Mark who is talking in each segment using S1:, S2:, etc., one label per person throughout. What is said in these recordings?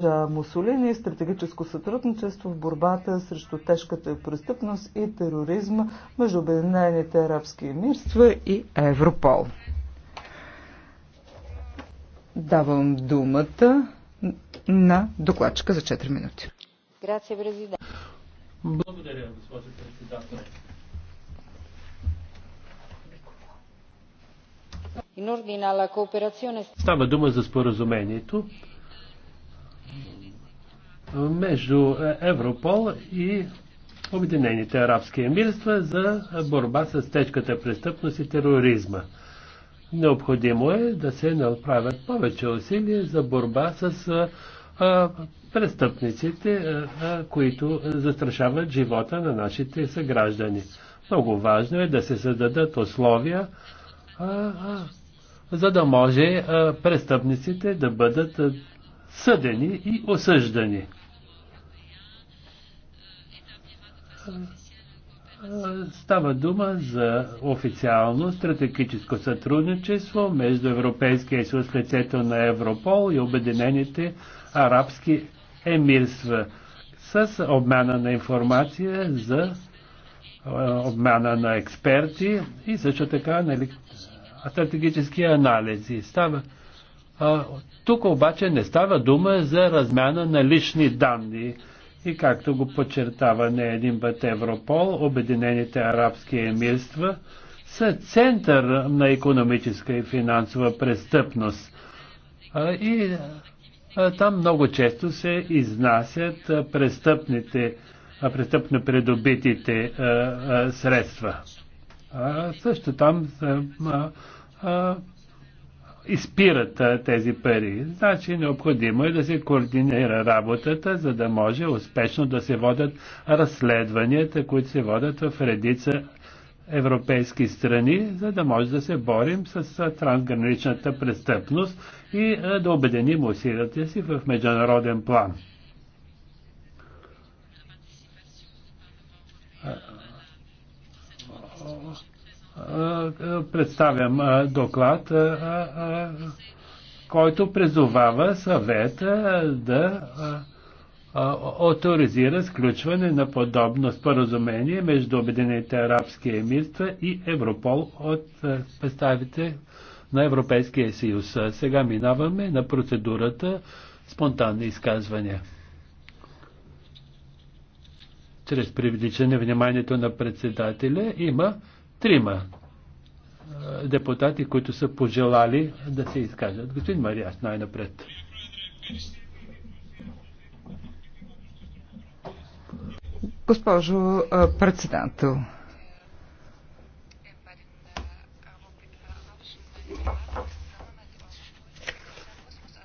S1: За Мусолини стратегическо сътрудничество в борбата срещу тежката престъпност и тероризма между Обединените арабски емирства и Европол. Давам думата на докладчика за 4 минути.
S2: Грация, президент. Благодаря, госпожо председател. Става дума за споразумението между Европол и Обединените арабски емирства за борба с тежката престъпност и тероризма. Необходимо е да се направят повече усилия за борба с а, престъпниците, а, които застрашават живота на нашите съграждани. Много важно е да се създадат условия, а, а, за да може а, престъпниците да бъдат а, съдени и осъждани. Става дума за официално стратегическо сътрудничество между Европейския съюз лицето на Европол и Обединените арабски емирства с обмяна на информация за обмяна на експерти и също така нали, стратегически анализи. Става, а, тук обаче не става дума за размяна на лични данни. И както го подчертава не един път Европол, Обединените арабски емирства са център на економическа и финансова престъпност. И там много често се изнасят престъпните, престъпно придобитите средства. Също там изпират тези пари. Значи необходимо е да се координира работата, за да може успешно да се водят разследванията, които се водят в редица европейски страни, за да може да се борим с трансграничната престъпност и да обединим усилията си в международен план представям доклад, който призовава съвета да авторизира сключване на подобно споразумение между Обединените арабски емирства и Европол от представите на Европейския съюз. Сега минаваме на процедурата спонтанни изказвания. Чрез привличане вниманието на председателя има трима депутати, които са пожелали да се изкажат. Господин Мариас, най-напред.
S1: Госпожо председател,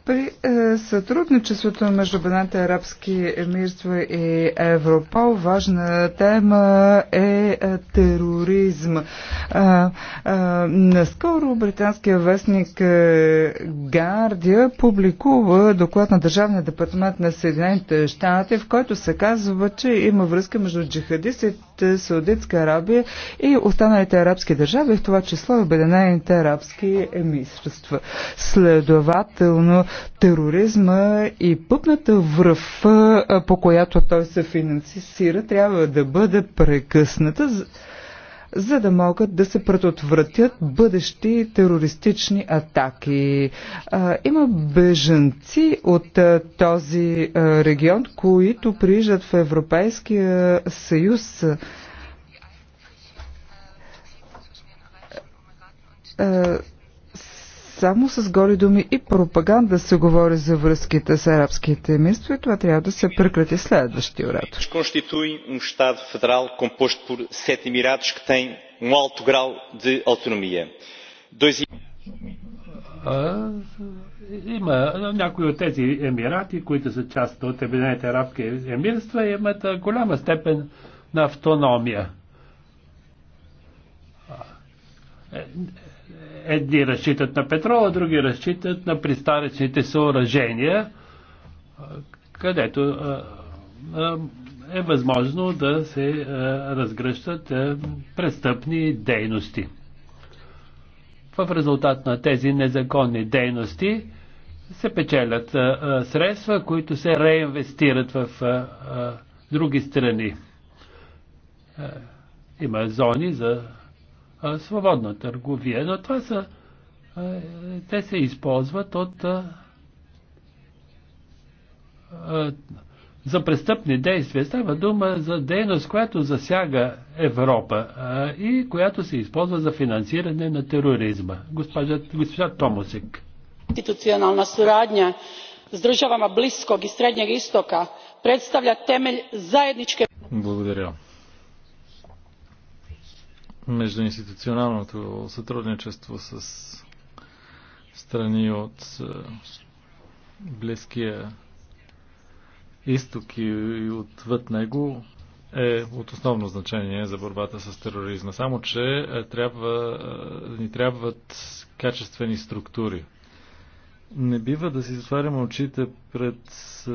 S1: При е, сътрудничеството между Баната арабски емирства и Европол важна тема е, е тероризм. Е, е, наскоро британския вестник е, Гардия публикува доклад на Държавния департамент на Съединените щати, в който се казва, че има връзка между джихадистите Саудитска Арабия и останалите арабски държави, в това число и Обединените арабски емирства. Следователно, тероризма и пъпната връв, по която той се финансира, трябва да бъде прекъсната за да могат да се предотвратят бъдещи терористични атаки. Има беженци от този регион, които прииждат в Европейския съюз. Само с голи думи и пропаганда се говори за връзките с арабските емирства и това трябва да се прекрати следващия оратор.
S3: Конституи um Estado federal composto por sete Emirados que tem um alto grau de autonomia. Dois...
S2: Има някои от тези емирати, които са част от Обединените арабски емирства, имат голяма степен на автономия. едни разчитат на петрола, други разчитат на пристаречните съоръжения, където е възможно да се разгръщат престъпни дейности. В резултат на тези незаконни дейности се печелят средства, които се реинвестират в други страни. Има зони за свободна търговия. Но това са, те се използват от за престъпни действия. Става дума за дейност, която засяга Европа и която се използва за финансиране на тероризма. Госпожа, госпожа Томосик.
S1: Институционална сурадня с държавама Близкog и Средния Истока представля темель заедничке...
S3: Благодаря междуинституционалното сътрудничество с страни от е, Близкия изток и отвъд него е от основно значение за борбата с тероризма. Само, че е, трябва, е, ни трябват качествени структури. Не бива да си затваряме очите пред е,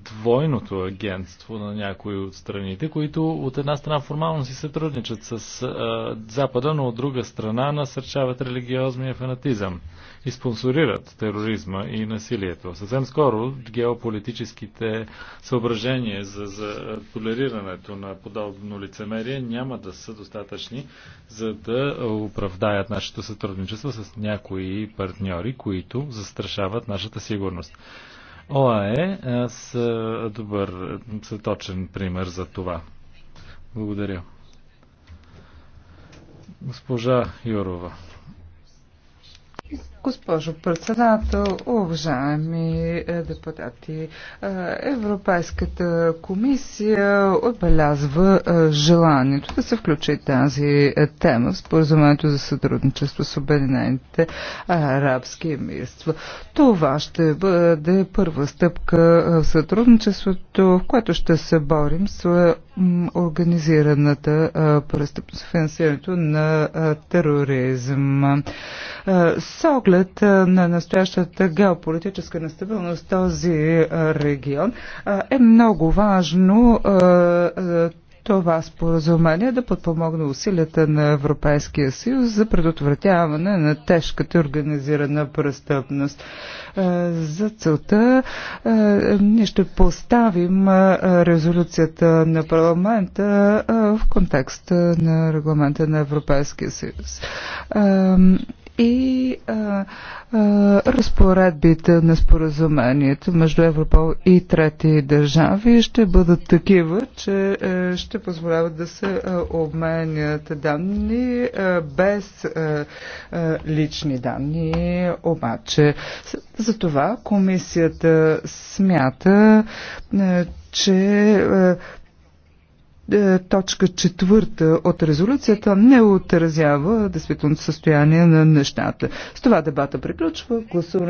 S3: двойното агентство на някои от страните, които от една страна формално си сътрудничат с а, е, Запада, но от друга страна насърчават религиозния фанатизъм и спонсорират тероризма и насилието. Съвсем скоро геополитическите съображения за, за толерирането на подобно лицемерие няма да са достатъчни, за да оправдаят нашето сътрудничество с някои партньори, които застрашават нашата сигурност. ОАЕ са е, добър, точен пример за това. Благодаря. Госпожа Юрова.
S1: Госпожо председател, уважаеми е, депутати, е, Европейската комисия отбелязва е, желанието да се включи тази тема в споразумението за сътрудничество с Обединените арабски емирства. Това ще бъде първа стъпка в сътрудничеството, в което ще се борим с организираната престъпност, финансирането на тероризъм. С оглед на настоящата геополитическа нестабилност в този регион е много важно това споразумение да подпомогне усилията на Европейския съюз за предотвратяване на тежката организирана престъпност. Е, за целта е, ние ще поставим е, резолюцията на парламента в контекста на регламента на Европейския съюз и а, а, разпоредбите на споразумението между Европол и трети държави ще бъдат такива, че а, е, ще позволяват да се а, е, обменят данни а, е, без а, а, лични данни. Обаче, за това комисията смята, а, че а, е, точка четвърта от резолюцията не отразява действителното състояние на нещата. С това дебата приключва. Гласуването